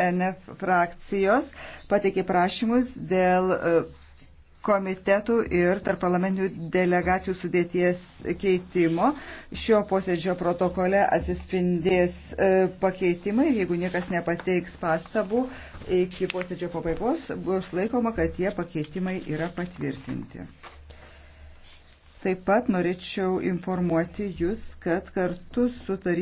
NF frakcijos pateikė prašymus dėl e, komitetų ir tarparlamentinių delegacijų sudėties keitimo. Šio posėdžio protokole atsispindės e, pakeitimai ir jeigu niekas nepateiks pastabų iki posėdžio pabaigos, bus laikoma, kad tie pakeitimai yra patvirtinti. Taip pat norėčiau informuoti Jūs, kad kartu su taryba